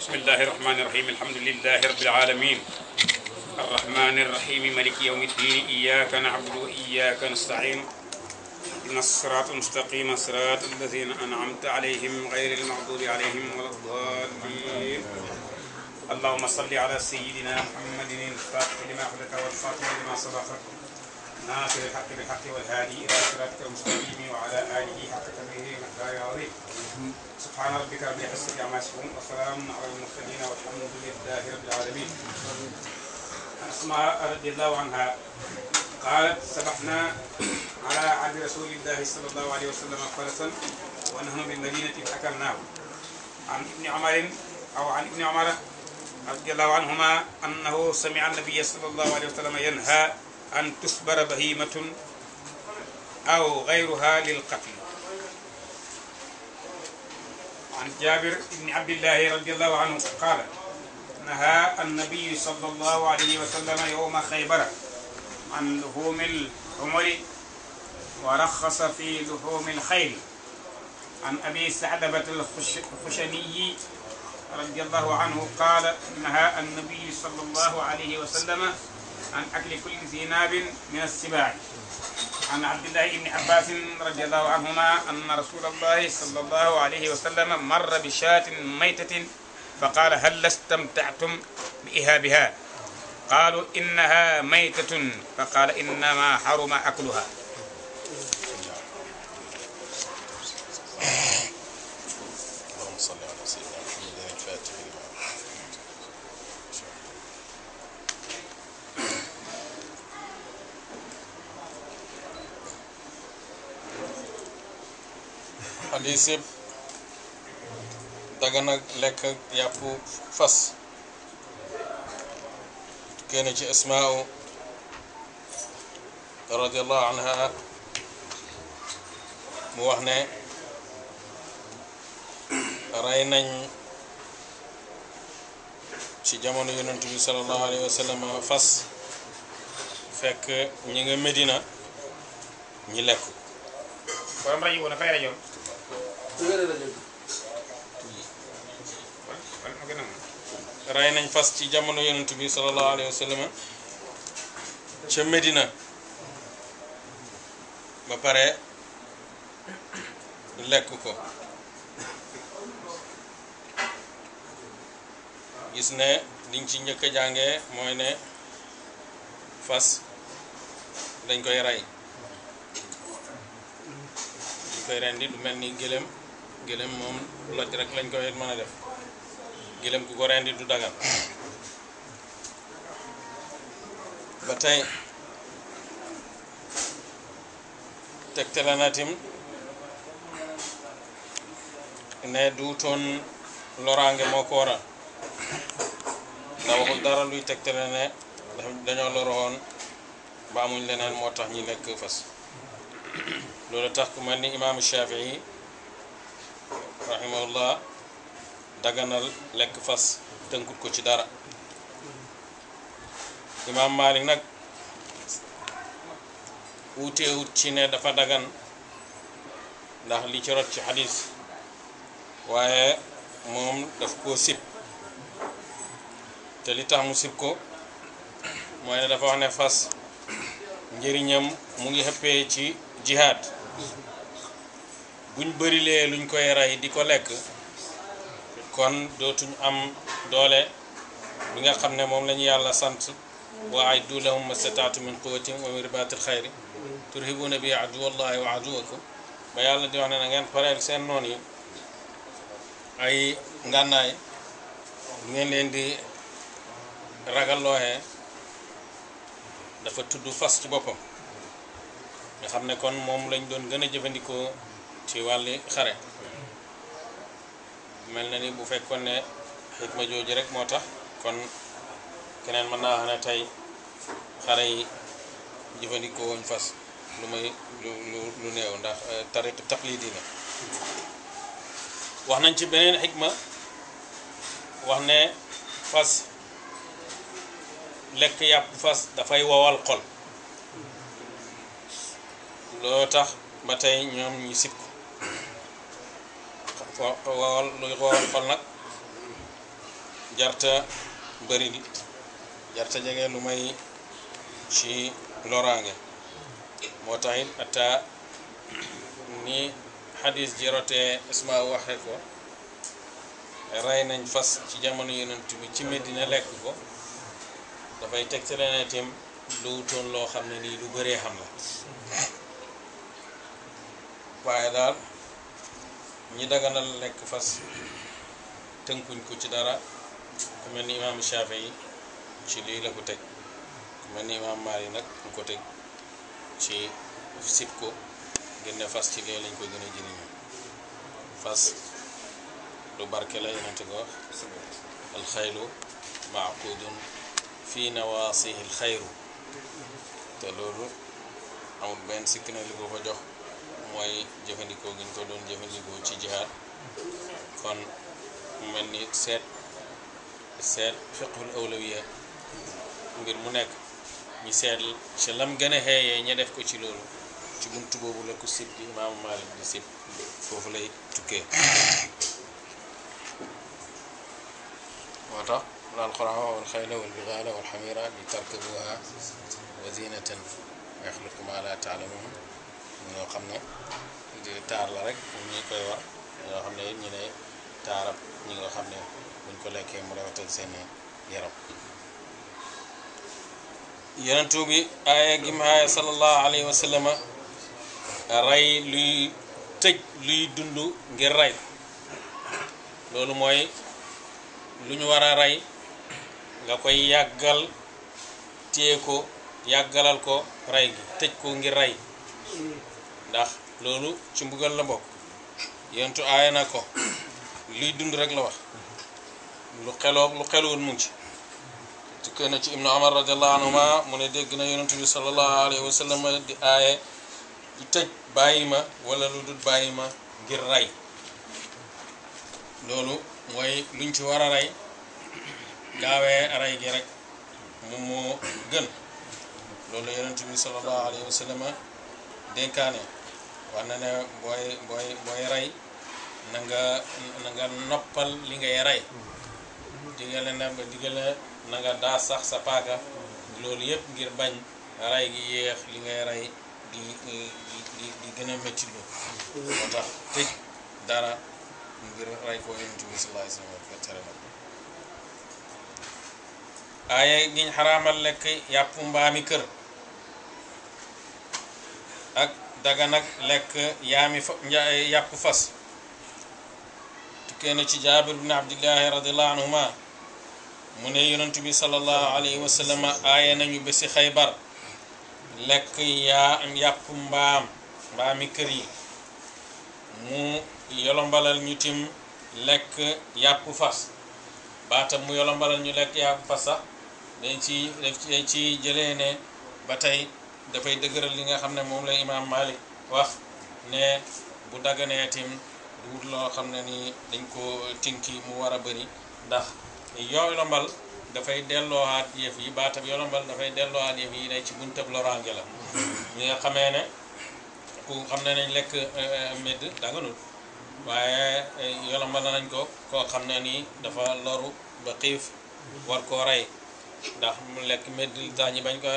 بسم الله الرحمن الرحيم الحمد لله رب العالمين الرحمن الرحيم ملك يوم الدين إياك نعبد وإياك نستعين إن الصراط المستقيم صراط الذين أنعمت عليهم غير المغضوب عليهم ولا الضالين اللهم صل على سيدنا محمد الفاتح لما خلق والفاتح لما صدق ناصر الحق بالحق والهادي إلى صراطك المستقيم وعلى آله حق تبعه مقدار عظيم سبحان ربك رب العزة عما يصفون وسلام على المرسلين والحمد لله رب العالمين أسماء رضي الله عنها قالت سبحنا على عهد رسول الله صلى الله عليه وسلم فرسا ونحن بالمدينة حكمناه عن ابن عمر أو عن ابن عمر رضي الله عنهما أنه سمع النبي صلى الله عليه وسلم ينهى أن تسبر بهيمة أو غيرها للقتل عن جابر بن عبد الله رضي الله عنه قال نهى النبي صلى الله عليه وسلم يوم خيبر عن لحوم الحمر ورخص في لحوم الخيل عن أبي سعدبة الخشني رضي الله عنه قال نهى النبي صلى الله عليه وسلم عن أكل كل ذي ناب من السباع عن عبد الله بن عباس رضي الله عنهما أن رسول الله صلى الله عليه وسلم مر بشاة ميتة فقال هل استمتعتم بإهابها قالوا إنها ميتة فقال إنما حرم أكلها xadiis yëpp dagan lekk ak yàpp fas kenn ci asmaa'u radiyallahu anha mu wax ne rey nañ ci jamono yonent bi sallallahu alayhi wa fas fekk ñi nga Medina ñi lekk. wéral nañ fas ci jamono yonent bi sallallahu alayhi wa ca Medina ba pare lekk ko gis ne liñ ci njëkk jànge mooy ne fas dañ koy rey dañ koy rendi du mel ni gëléem gëlëm moom loj rek lañ koy mën def gëlëm ku ko rendi du dagan ba tey tegtale na tim ne duutoon loraange moo ko waral ndax waxul dara luy tegtale ne dañoo loroon ba amuñ leneen moo tax ñu lekk fas loolu tax ku mel ni imaamu Shafii rahimahullah daganal lekk fas tënkut ko ci dara imaam Maalik nag wuuteewut ci ne dafa dagan ndax li ci rot ci xadis waaye moom daf koo sib te li tax mu sib ko mooy ne dafa wax ne fas njëriñam mu ngi xëppee ci jihaad buñ bërilee luñ koy rey di ko lekk kon dootuñ am doole bi nga xam ne moom la yàlla sant wa aiddu lahum mastataatu min quwatin wa min ribatil xayri turhibuuna bi aduwallahi wa aduwakum ba yàlla di wax ne na ngeen pareel seen noon yi ay ngànnaay ngeen leen di ragallooxee dafa tudd fas ci boppam nga xam ne kon moom lañ doon gën a jëfandikoo ci wàlli xare mel na ni bu fekkoon ne xikma jooju rek moo tax kon keneen mën naa wax tey xare yi jëfandikoo woon fas lu may lu lu néew ndax euh, tariq taqlidi wax nañ ci beneen xikma wax ne fas lekk yàpp fas dafay wowal xol loo tax ba tey ñoom ñu sib xool luy xool nag jarta bëri li jarta jege lu may ci loraange moo taxit ata ni xadis ji isma waxe ko rey nañ fas ci jamono yonent bi ci Medina lekk ko dafay teg ci lu wutoon loo xam ne nii lu bëree xam la waaye daal ñi daganal lekk fas tënkuñ ko ci dara ku mel ni imaam Shaafi yi ci lii la ko teg ku mel ni imaam Maalik nag mu ko teg ci sib ko ngir fas ci lee lañ koy gën a jëriñoo fas lu barke la yonente ko wax alxaylu maaqudun fi si alxayru te loolu amul benn sikk na li ko ko jox mooy jëfandikoo gi ñu ko doon jëfandikoo ci jihaad kon mel ni seet seet fiqhul awlawiya ngir mu nekk ñi seet ci lam gën a xeeyee ña def ko ci loolu ci bunt boobu la ko sib di imaamu Maalik di sib foofu lay tukkee moo tax القرآن والخيل والبغال والحمير لتركبوها وزينة ويخلق ما لا تعلمون ñoo xam ne di taar la rek pour ñu koy war ñoo xam ne ñu ne taarab ñi nga xam ne buñ ko lekkee mu rewetal seen yaram yonentu bi aaya gi ma aaya salallahu alayhi wa sallama rey luy tëj luy dund ngir rey loolu mooy lu ñu war a rey nga koy yàggal téye ko yàggalal ko rey gi tëj ko ngir rey ndax loolu ci mbugal la bokk yentu aaya na ko luy dund rek la wax lu xeloo lu xeluwul mu ngi ci tukkee na ci ibnu amar radiallahu anhuma mu ne dégg na yonentu bi salallahu alayhi wa di aaye tëj bàyyi ma wala lu dul bàyyi ma ngir rey loolu mooy luñ ci war a rey gaawee rey gi rek moom moo gën loolu yonentu bi salallahu alayhi wa wax na ne booy booy booy rey na noppal li ngay rey digale na digale na nga daa sax sa paaka loolu yëpp ngir bañ rey gi yéex li ngay rey di di di gën a métti lu moo tax tëj dara ngir rey koo yonent bi sallallahu alayhi wa sallam tere na ko aaye giñ xaraamal lekk yàpp mbaami kër ak daga nag lekk yaami yàppu fas tukkee na ci jaabir bin abdillahi radiallahu anhuma mu ne yonentu bi salallahu alayhi wa sallama nañu ba si xaybar lekk yaa yàpp mbaam mbaami kër yi mu yolombalal ñu tim lekk yàpp fas baatam mu yolombalal ñu lekk yàpp fas sax dañ ci def ci jëlee ne ba tey dafay dëgëral li nga xam ne moom la imaam Malik wax ne bu daganee wut loo xam ne nii dañ ko tinki mu war a bëri ndax yoolombal dafay delloowaat yëf yi baatab yoolombal dafay delloowaat yëf yi ne ci buntab loraange la ñi nga xamee ne ku xam ne nañ lekk eh, eh, médd daganul waaye eh, yoolombal nañ ko koo xam ne nii dafa loru ba xiif war koo rey ndax mu lekk médd daa bañ ko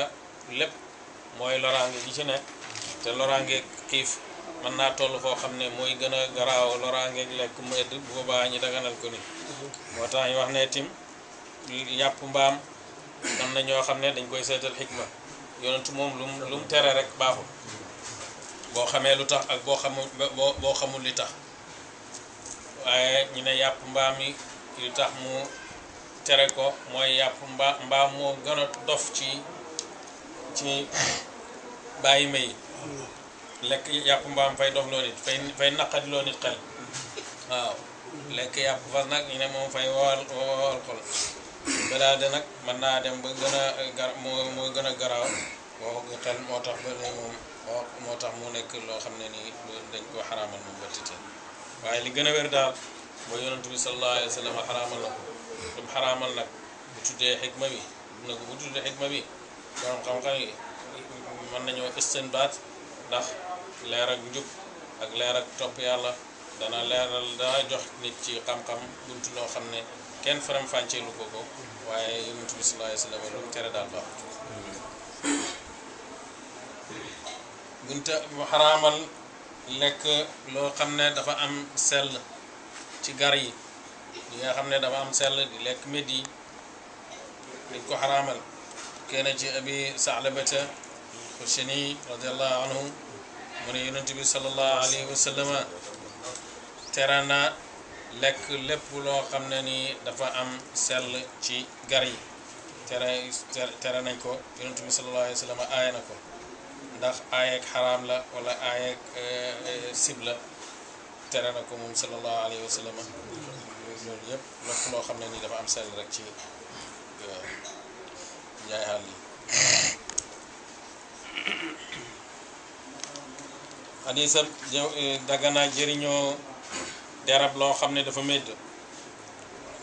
lépp mooy loraange gi ci nekk te loraangeeg xiif mën naa toll foo xam ne mooy gën a garaaw loraangeeg lekk mu ëdd bu boobaa ñi daganal ko ni moo tax ñu wax ne tim yàpp mbaam am na ñoo xam ne dañ koy seetal xikma yonentu moom lu lu tere rek baaxul xamee lu tax ak boo xamul boo xamul li ñu ne yàpp mbaam yi li tax mu tere ko mooy yàpp mbaam mbaam moo gën dof ci ci bàyyi may lekk yàpp mbaam fay dof loo nit fay fay naqadi loo nit xel waaw lekk yàpp fas nag ñu ne moom fay wowal wowal balaa de nag man naa dem ba gën a gar moo moo gën a garaaw waxu moo tax moo tax mu nekk loo xam ne nii dañ ko xaraamal moom ba titi waaye li gën a wér daal mooy yonent bi sallallahu alayhi wa xaraamal nag bu tuddee xikma bi bu tuddee xikma bi borom mën nañoo baat ndax leer ak njub ak leer ak topp yàlla dana leeral dana jox nit ci xam-xam buntu loo xam ne kenn faram-fàcceelu ko ko waaye yonent bi sallallahu alayhi lu mu tere daal baax bunta mu xaraamal lekk loo xam ne dafa am sell ci gar yi li nga xam ne dafa am sell di lekk med yi dañ ko xaraamal كان جاء به ثعلبة الخشني رضي الله عنه mu ne yonent bi sallallahu alayhi wa sallam tere na lekk lépp loo xam ne ni dafa am sell ci gar yi tere tere nañ ko yonent bi sallallahu alayhi wa sallam aaya na ko ndax aayeeg xaraam la wala aayeeg sib la tere na ko moom sallallahu alayhi wa sallam loolu yëpp lépp loo xam ne ni dafa am sell rek ci yaay xaal yi xadisam eh, daganaa jëriñoo derab loo xam ne dafa médd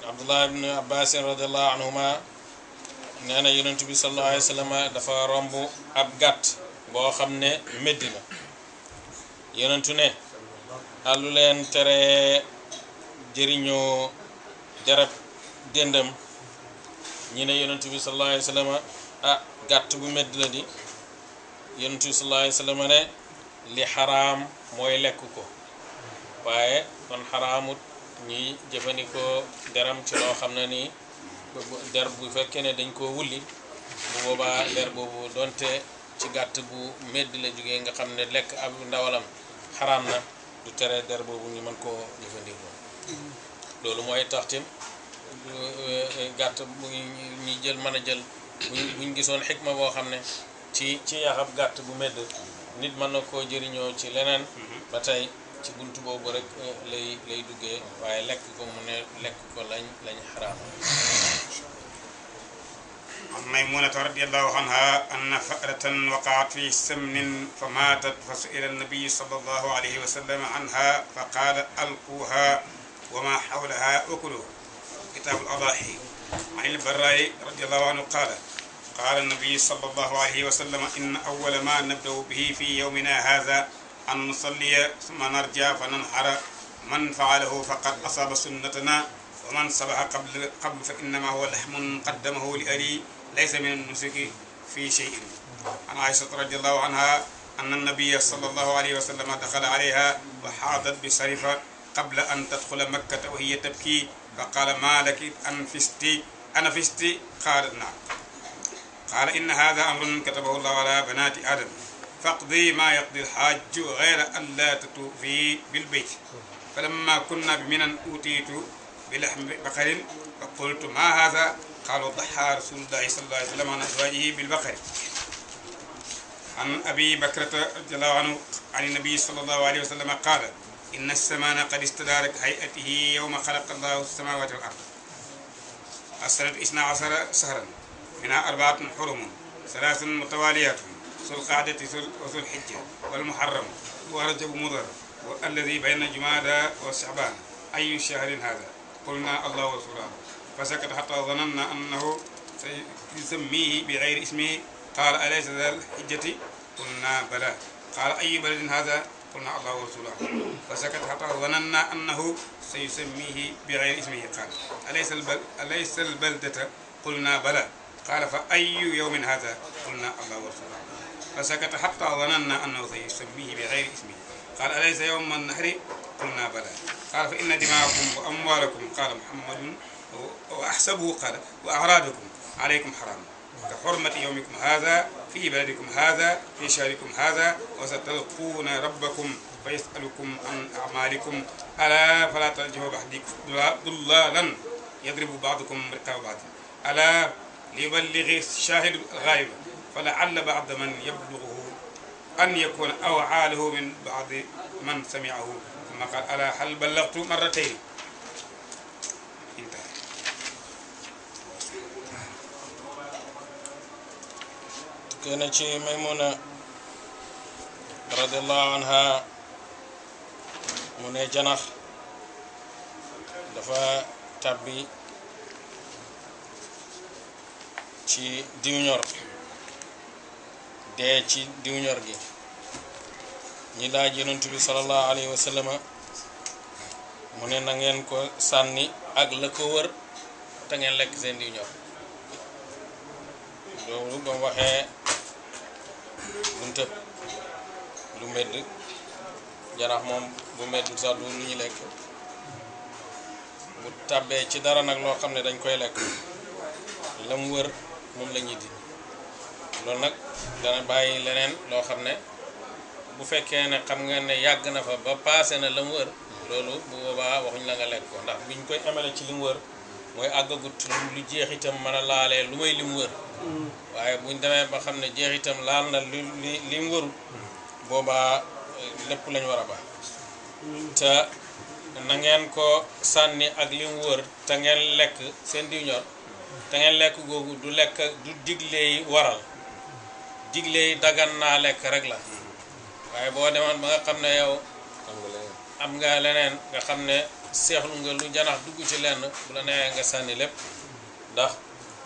abdullah ibn abbasin radiallahu anhuma nee na yonent bi sallallahu dafa romb ab gàtt boo xam ne médd la yonentu ne àllu leen tere jëriñoo derab déndam ñi ne yonent bi sa alayhi wa sallam ah gàtt bu medd la di yonent bi sallallahu alayhi wa sallam ne li xaraam mooy lekk ko waaye kon xaraamut ñuy jëfandikoo deram ci loo xam ne ni der bu fekkee ne dañ koo wulli bu boobaa der boobu donte ci gàtt bu medd la jógee nga xam ne lekk ab ndawalam xaram na du tere der boobu ñu mën koo jëfandikoo mm-hmm. loolu mooy tax gàtt bu ñu jël mën a jël buñ buñ gisoon xikma boo xam ne ci ci yaxab gàtt bu medd nit mën na koo jëriñoo ci leneen ba tey ci bunt boobu rek lay lay duggee waaye lekk ko mu ne lekk ko lañ lañ xaraam عن ميمونة رضي الله عنها أن فأرة وقعت في سمن فماتت فسئل النبي صلى الله عليه وسلم عنها فقال ألقوها وما حولها أكلوا كتاب الأضاحي عن البراء رضي الله عنه قال قال النبي صلى الله عليه وسلم إن أول ما نبدأ به في يومنا هذا أن نصلي ثم نرجع فننحر من فعله فقد أصاب سنتنا ومن صبح قبل قبل فإنما هو لحم قدمه لألي ليس من النسك في شيء عن عائشة رضي الله عنها أن النبي صلى الله عليه وسلم دخل عليها وحاضت بسرفة قبل أن تدخل مكة وهي تبكي فقال ما لك أنفستي أنفستي قالت نعم قال إن هذا أمر كتبه الله على بنات آدم فاقضي ما يقضي الحاج غير أن لا تتوفي بالبيت فلما كنا بمنا أوتيت بلحم بقر فقلت ما هذا قال ضحى رسول الله صلى الله عليه وسلم عن أزواجه بالبقر عن أبي بكرة رضي الله عنه عن النبي صلى الله عليه وسلم قال إن السماء قد استدارت هيئته يوم خلق الله السماوات والأرض السنة إثنا عشر شهرا منها أربعة حرم ثلاث متواليات ذو القعدة وذو الحجة والمحرم ورجب مضر والذي بين جمادى وشعبان أي شهر هذا قلنا الله ورسوله فسكت حتى ظننا أنه سيسميه بغير اسمه قال أليس ذا الحجة قلنا بلى قال أي بلد هذا قلنا الله ورسوله فسكت حتى ظننا أنه سيسميه بغير اسمه قال أليس, البل أليس البلدة قلنا بلى قال فأي يوم هذا قلنا الله ورسوله فسكت حتى ظننا أنه سيسميه بغير اسمه قال أليس يوم النحر قلنا بلى قال فإن دماءكم وأموالكم قال محمد وأحسبه قال وأعراضكم عليكم حرام كحرمة يومكم هذا في بلدكم هذا في شهركم هذا وستلقون ربكم فيسألكم عن أعمالكم ألا فلا ترجعوا بعدي ضلالا يضرب بعضكم رقاب بعض ألا ليبلغ الشاهد الغائب فلعل بعض من يبلغه أن يكون أوعاله من بعض من سمعه ثم قال ألا هل بلغت مرتين kenn ci maymuna radiallahu anha mu ne janax dafa tàbbi ci diw ñor dee ci diw gi ñi laaj yonent bi sallallahu alayhi wa mu ne na ngeen ko sànni ak la ko wër te ngeen lekk seen diw ñor ba waxee mun lu medd jarax moom bu meddul sax du lu ñu lekk bu tàbbee ci dara nag loo xam ne dañ koy lekk lam wër moom la ñuy di loolu nag dana bàyyi leneen loo xam ne bu fekkee ne xam nga ne yàgg na fa ba paase na lam wër loolu bu boobaa waxuñ la nga lekk ko ndax biñ koy amele ci lim wër mooy àggagut lu jeex itam man a laalee lu may lim wër waaye buñ demee ba xam ne itam laal na lu li lim wëru boobaa lépp lañ war a baax te na ngeen ko sànni ak lim wër te ngeen lekk seen diw ñor te ngeen lekk googu du lekk du digle yi waral digle yi dagan naa lekk rek la waaye boo demoon ba nga xam ne yow am nga leneen nga xam ne seexlu nga lu janax dugg ci lenn bu la neexee nga sànni lépp ndax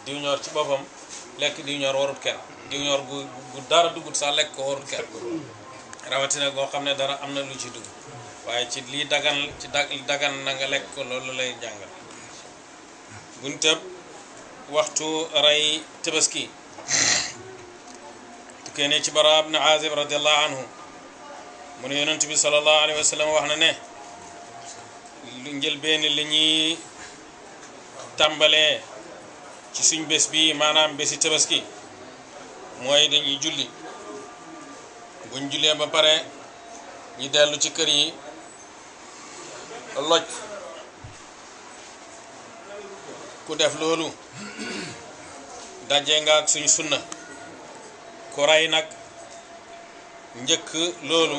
diw ci boppam lekk diw ñor warut kenn diw ñor gu dara dugut sax lekk ko warut rawatina boo xam ne dara am na lu ci dugg waaye ci li dagan ci dagan na nga lekk ko loolu lay jàngal buñ tëb waxtu rey tabaski tukkee ne ci Baraa ibn Aazib radiallahu anhu mu ne yonent bi sallallahu alayhi wa wax na ne lu lañuy li tàmbalee ci suñ bés bi maanaam bési tabaski mooy dañuy julli buñ jullee ba pare ñu dellu ci kër yi loj ku def loolu daje nga suñ sunna ku rey nag njëkk loolu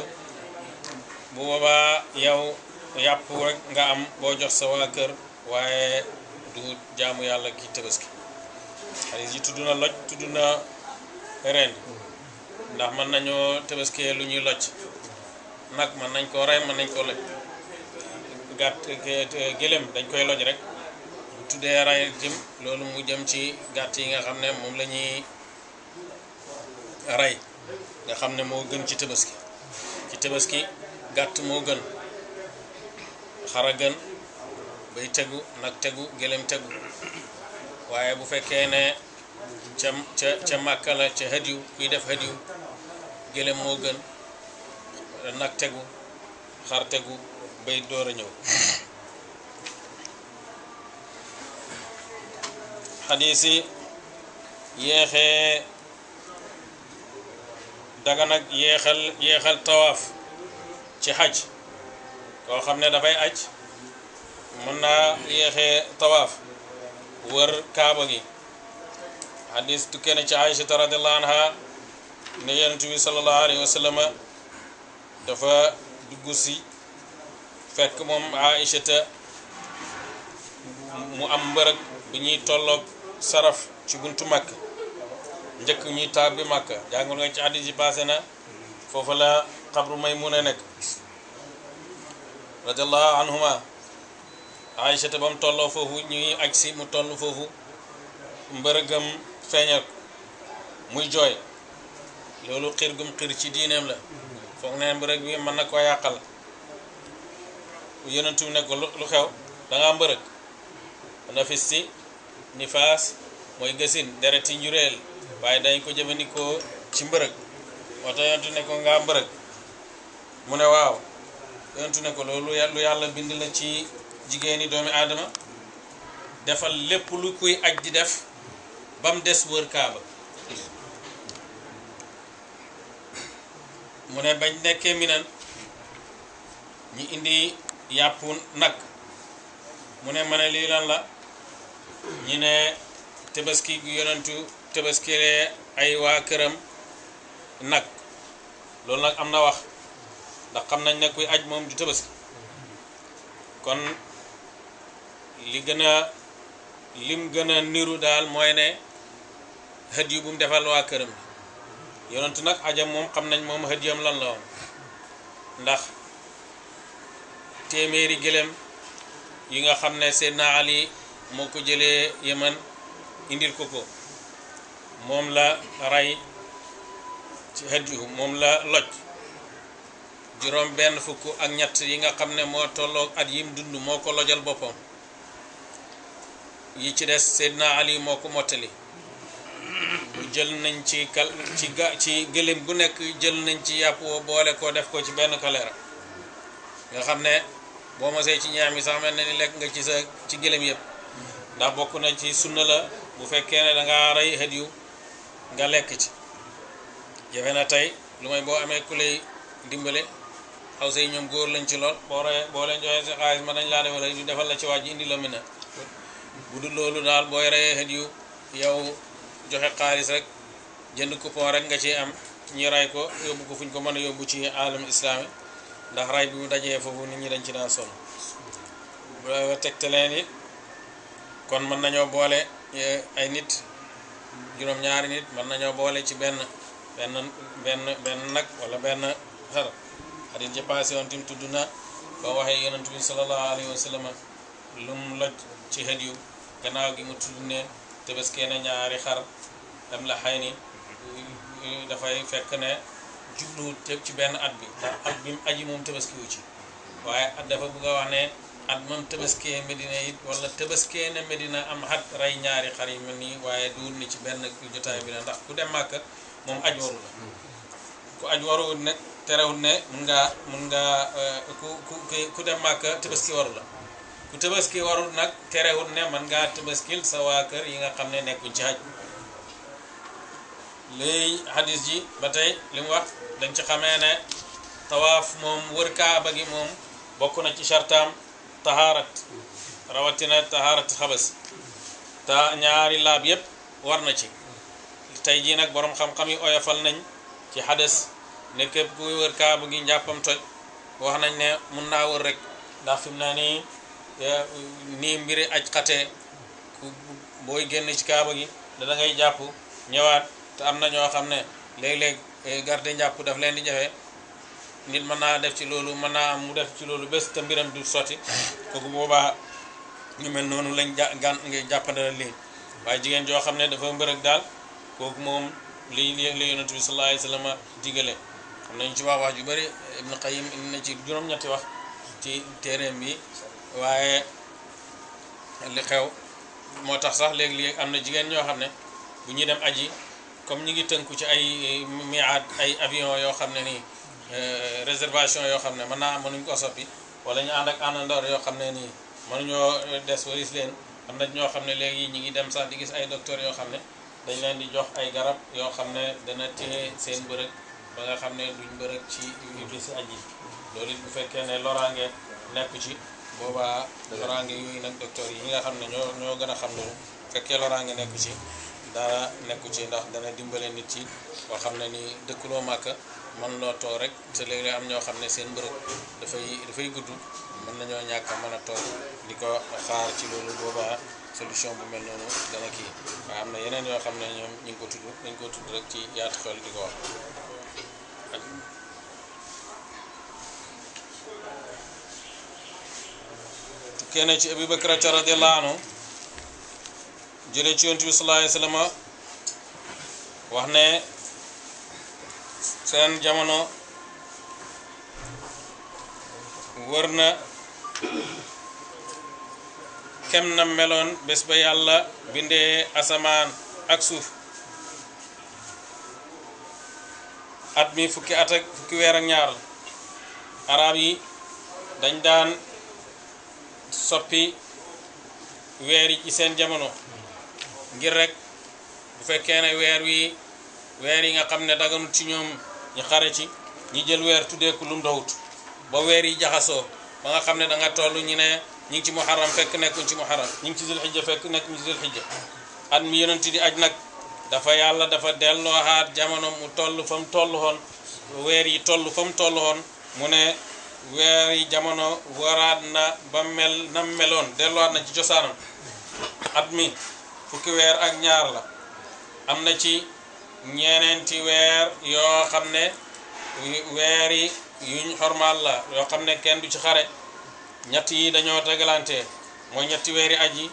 bu boobaa yow yàpp rek nga am boo jox sa waa kër waaye du jaamu yàlla ki tabaski xadis yi tudd na loj tudd na reen ndax mën nañoo tabaskee lu ñuy loj nag mën nañ koo rey mën nañ koo loj gàtt gëléem dañ koy loj rek bu tuddee rey jëm loolu mu jëm ci gàtt yi nga xam ne moom la ñuy rey nga xam ne moo gën ci tabaski ci tabaski gàtt moo gën xaragan bay tegu nag tegu gëlem tegu waaye bu fekkee ne ca ca ca màkka la ca hadiw kuy def hadiw gëlem moo gën nag tegu xar tegu bay door a ñëw xadiis yi yéexee daga nag yéexal tawaaf ci xaj koo xam ne dafay aj mën naa yéexee tawaaf wër kaaba gi xadis tukkee na ci aïchata radiallahu anha ne yonent bi salallahu dafa dugg si fekk moom aïchata mu am mbërëg bi ñuy tolloog saraf ci buntu màkk njëkk ñuy taab bi màkk jàngoon nga ci xadis yi passé na foofu la xabru Maymuna nekk radiallahu anhuma aïchata ba tolloo foofu ñuy aj si mu toll foofu mbërëgam feeñal muy jooy loolu xir gum xir ci diineem la foog ne mbërëg bi mën na koo yàqal yonentu ne ko lu xew da ngaa mbërëg nafis si nifaas mooy gësin dereti njureel waaye dañ ko jëfandikoo ci mbërëg moo tax yonentu ne ko ngaa mbërëg mu ne waaw yontu ne ko loolu lu yàlla bind la ci jigéeni doomi aadama defal lépp lu kuy aj di def ba des wër kaaba mu ne bañ nekkee minan ñi indi yàpp nag mu ne ma ne lii lan la ñi ne tabaski gi yonentu tabaskilee ay waa këram nag loolu nag am na wax ndax xam nañ ne kuy aj moom du tabaski kon li gën a lim gën a niru daal mooy ne xët yu bu mu defal waa këram bi yonentu nag ajam moom xam nañ moom xët yam lan la woon ndax téeméeri gëléem yi nga xam ne naa Ali moo ko jëlee Yemen indil ko ko moom la rey ci yu moom la loj juróom benn fukk ak ñett yi nga xam ne moo tolloo at yim dund moo ko lojal boppam yi ci des Seydina Ali moo ko mottali jël nañ ci kal ci gëléem bu nekk jël nañ ci yàpp woo boole ko def ko ci benn kaleera nga xam ne boo mosee ci ñaam yi sax mel na ni lekk nga ci sa ci gëléem yëpp ndax bokk na ci sunna la bu fekkee ne danga rey xët yu nga lekk ci jafe na tey lu may boo amee ku lay dimbale xaw say ñoom góor lañ ci lool boo ree boo leen joxee sa xaalis ma dañ laa defal defal la ci waaj indi la mën a bu dul loolu daal booy reyee xet yu yow joxe xaalis rek jënd coupon rek nga ci am ñi ray ko yóbbu ko fu ko mën a yóbbu ci alam islaami ndax ray bi mu dajee foofu nit ñi dañ ci daan sonn bu tegte leen it kon mën nañoo boole e, ay nit juróom-ñaari nit mën nañoo boole ci benn benn benn benn nag wala benn xar xadis ja passé woon tim tudd na ba waxee yonent bi sallallahu alayhi wa sallam lu mu loj ci xët yu gannaaw gi mu tudd ne tëbëskee na ñaari xar dem la xay ni dafay fekk ne jubluwul ci benn at bi ndax at bi mu aji moom tëbëskiwu ci waaye at dafa bëgg a wax ne at moom tëbëskee Medina it wala tëbëskee ne Medina am xat rey ñaari xar yi mel nii waaye duwul ni ci benn jotaay bi la ndax ku dem màkk moom aj waru ku aj waruwul nag terewul ne mun nga mun ngaa eh, ku ku ku dem màkk tabaski warul la ku tabaski warul nag terewul ne man nga tabaskil sa waa kër yi nga xam ne nekkul ci xaj léegi xadis ji ba tey li mu wax dañ ci xamee ne tawaaf moom wër kaaba gi moom bokk na ci chartaam tahaarat rawatina tahaarat xabas ta ñaari laab yépp war na ci tey jii nag boroom xam-xam yi oyofal nañ ci xades ne képp kuy wër gi njàppam wax nañ ne mun naa wër rek ndax fi naa nii nii mbiri aj xatee booy génn ci kaaba gi da da ngay ñëwaat te am na ñoo xam ne léeg-léeg eh, garde njàpp daf leen di jafe nit mën naa def ci loolu mën naa am mu def ci loolu bés te mbiram du soti kooku boobaa ñu mel noonu lañ ja gan ngay jàppandala lii waaye jigéen joo xam ne dafa mbërëg daal kooku moom li li yonent bi sallallahu alayhi wa sallam digale am nañ ci wax wax ju bëri Ibn Qayyim na ci juróom-ñetti wax ci téeréem bi waaye li xew moo tax sax léegi-léegi am na jigéen ñoo xam ne bu ñuy dem aji comme ñu ngi tënku ci ay at ay avion yoo xam ne nii euh, réservation yoo xam ne mën naa mënuñ ko soppi wala ñu ànd ak àndandoor yoo xam ne nii mënuñoo des waris leen am na ñoo xam ne léegi ñu ngi dem sax di gis ay docteur yoo xam ne dañ leen di jox ay garab yoo xam ne dana téye seen bërëg ba xam ne duñ bërëg ci mhm. gis aji loolu it bu fekkee ne loraange nekk ci boobaa loraange yooyu nag docteur yi nga xam ne ñoo ñoo gën a xam ne loolu fekkee loraange nekku ci dara nekku ci ndax dana dimbale nit ci boo xam ne ni dëkkuloo màkka mën loo tool rek te léeg am ñoo xam ne seen bërëg dafay dafay gudd mën nañoo ñàkk a mën a toog di ko xaar ci loolu boobaa solution bu mel noonu dana kii waaye am na yeneen yoo xam ne ñoom ñu ngi ko tudd dañ ko tudd rek ci yaatu xel di ko kenn ci Abu Bakrata radiyallahu anhu jëlee wax ne seen jamono wër na kem meloon bés ba yàlla bindee asamaan ak suuf at mi fukki at fukki weer ak ñaar arab yi dañ daan soppi weer yi ci seen jamono ngir rek bu fekkee ne weer wi weer yi nga xam ne daganut ci ñoom ñu xare ci ñi jël weer tuddee ko lum dawut ba weer yi jaxasoo ba nga xam ne da nga toll ñu ne ñu ngi ci muharram fekk nekkuñ ci muharram ñu ngi ci zulhijja fekk nekkuñ ci zulhijja at mi yonent di aj nag dafa yàlla dafa dellooxaat jamono mu toll fa mu toll woon weer yi toll fa mu toll woon mu ne weer yi jamono waraat na ba mel na meloon delluwaat na ci cosaan at mi fukki weer ak ñaar la am na ci ñeneenti weer yoo xam ne weer yi yuñ xormaal la yoo xam ne kenn du ci xare ñett yi dañoo tegalante mooy ñetti weeri aji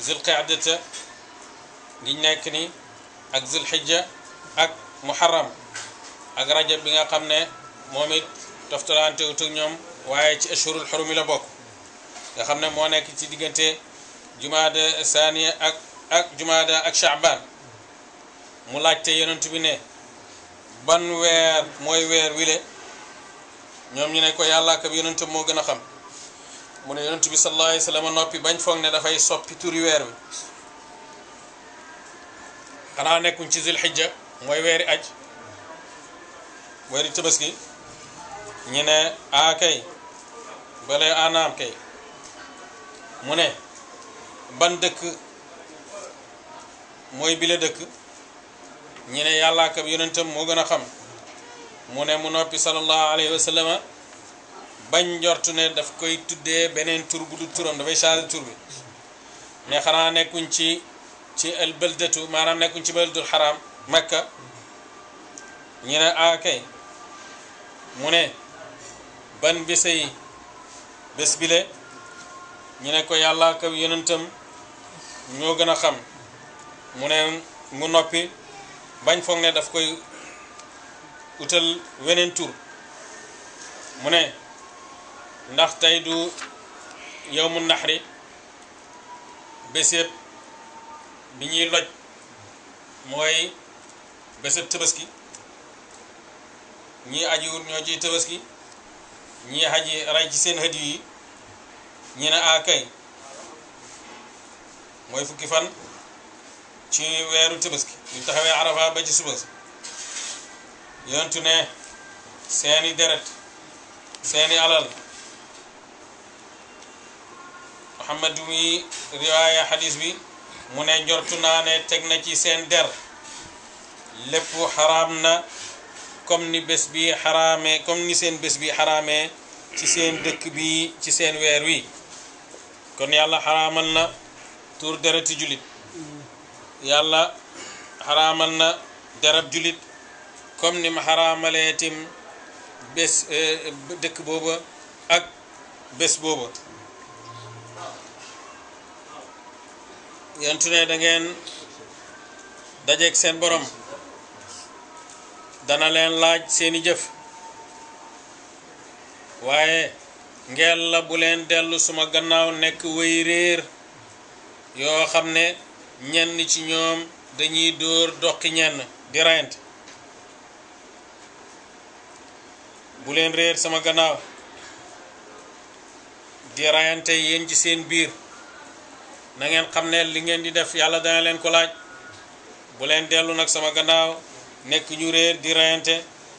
zilqaadata giñ nekk ni ak hijja ak muharram ak rajab bi nga xamne momit toftalante wut ak ñom waye ci ashurul hurum la bok nga xamne mo nek ci diggante jumada saaniya ak ak jumada ak sha'ban mu laajte yonent bi ne ban weer mooy weer le ñom ñu ne ko yàlla bi yonent mo gëna xam mu ne yonent bi sallallahu alayhi wasallam noppi bañ foog ne fay soppi turi weer wi xanaa nekkuñ ci zilxijja mooy weeri aj weeri tabaski ñu ne a kay balee anaam kay mu ne ban dëkk mooy bile dëkk ñu ne yàlla ak yonentam moo gën a xam mu ne mu noppi sallallahu alayhi wa sallama bañ njortu ne daf koy tuddee beneen tur bu du turam dafay changer tur bi ne xanaa nekkuñ ci ci al baldatu manam nekkuñ ci baldul haram makka ñu ne kay mu ne ban bisay bés le ñu ne ko yàlla ka yonentam ñoo gëna xam mu ne mu noppi bañ foog ne daf koy utal wenen tour mu ne ndax tay du yawmun nahri bés bi ñuy loj mooy bésëb tabaski ñii ajiwul ñoo ci tabaski ñii aji rey ci seen hëddi yi ñi ne a ah, mooy fukki fan ci weeru tabaski ñu taxawee arafa ba ci suba si yonentu ne seeni deret seeni alal Muhammad mi riwaaya xadiis bi mune ne njortu naa teg na ci seen der lépp xaraam na comme ni bés bi xaraamee comme ni seen bés bi xaraamee ci seen dëkk bi ci seen weer wi kon yàlla xaraamal na tuur dereti julit yàlla xaraamal na derab julit comme ni ma xaraamalee tim bés dëkk booba ak bés booba yontu ne dangeen dajeek seen boroom dana leen laaj seeni jëf waaye ngeen la bu leen dellu sama gannaaw nekk wéy réer yoo xam ne ñenn ci ñoom dañuy dóor doqi ñenn di reyante bu leen réer sama gannaaw di reyante yéen ci seen biir na ngeen xam ne li ngeen di def yàlla dana leen ko laaj bu leen dellu nag sama gannaaw nekk ñu réer di rayante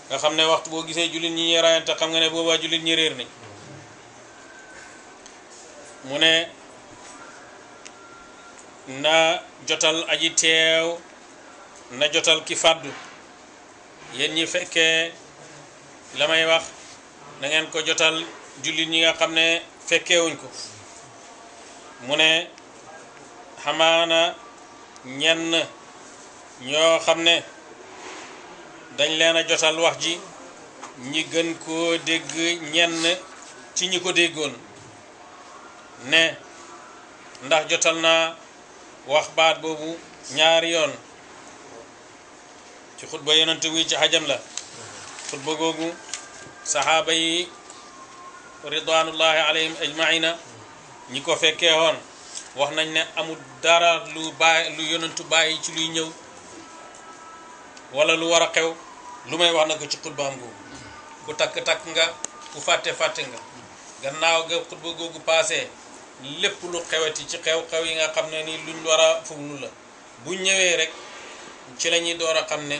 nga xam ne waxtu boo gisee jullit ñi ñuy rayante xam nga réer nañ mu ne na jotal aji teew na jotal ki fàddu yéen ñi fekkee la may wax na ko jotal jullit ñi nga xam ne fekkewuñ ko mu ne xamaana ñenn ñoo xam ne dañ leen a jotal wax ji ñi gën koo dégg ñenn ci ñi ko déggoon ne ndax jotal naa wax baat boobu ñaari yoon ci xutba yonent wi ci xajam la xutba googu saxaaba yi ridwanullahi alayhim ñi ko fekkee woon wax nañ ne amul dara lu baay lu yonentu bàyyi ci luy ñëw wala lu war a xew lu may wax na ko ci xutbaam googu ku takk-takk nga ku fàtte-fàtte nga gannaaw ga xutba googu paase lépp lu xeweti ci xew-xew yi nga xam ne ni luñ war a fuglu la bu ñëwee rek ci la ñuy door a xam ne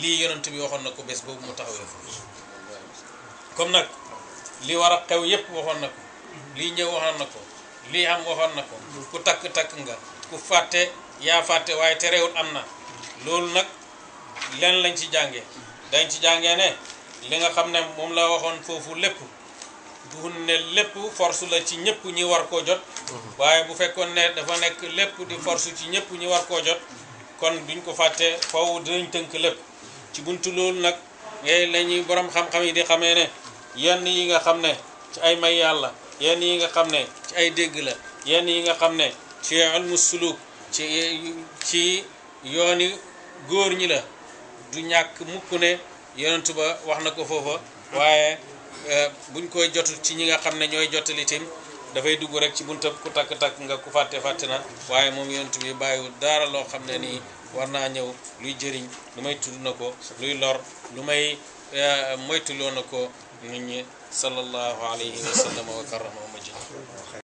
lii yonent bi waxoon na ko bés boobu mu taxawee foofu comme nag li war a xew yépp waxoon na ko lii ñëw waxoon na ko lii am waxoon na ko ku takk takk nga ku fàtte yaa fàtte waaye terewul am na loolu nag len lañ ci jànge dañ ci jàngee ne li nga xam ne moom la waxoon foofu lépp bu ne lépp force la ci ñëpp ñi war koo jot waaye bu fekkoon ne dafa nekk lépp di force ci ñëpp ñi war koo jot kon duñ ko fàtte faw dinañ tënk lépp ci bunt loolu nag ngay la ñuy borom xam-xam yi di xamee ne yenn yi nga xam ne ci ay may yàlla yenn yi nga xam ne ci ay dégg la yenn yi nga xam ne ci ilmu suluk ci ci yooni góor ñi la du ñàkk mukk ne yonentu ba wax na ko foofa waaye euh, buñ koy jotu ci ñi nga xam ne ñooy jottali tim dafay dugg rek ci buntab ku takk-takk nga ku fàtte fàtte na waaye moom yonent bi bàyyiwul dara loo xam ne nii war naa ñëw luy jëriñ lu may tudd na ko luy lor lu may euh, moytuloo na ko صلى الله عليه وسلم وكرمه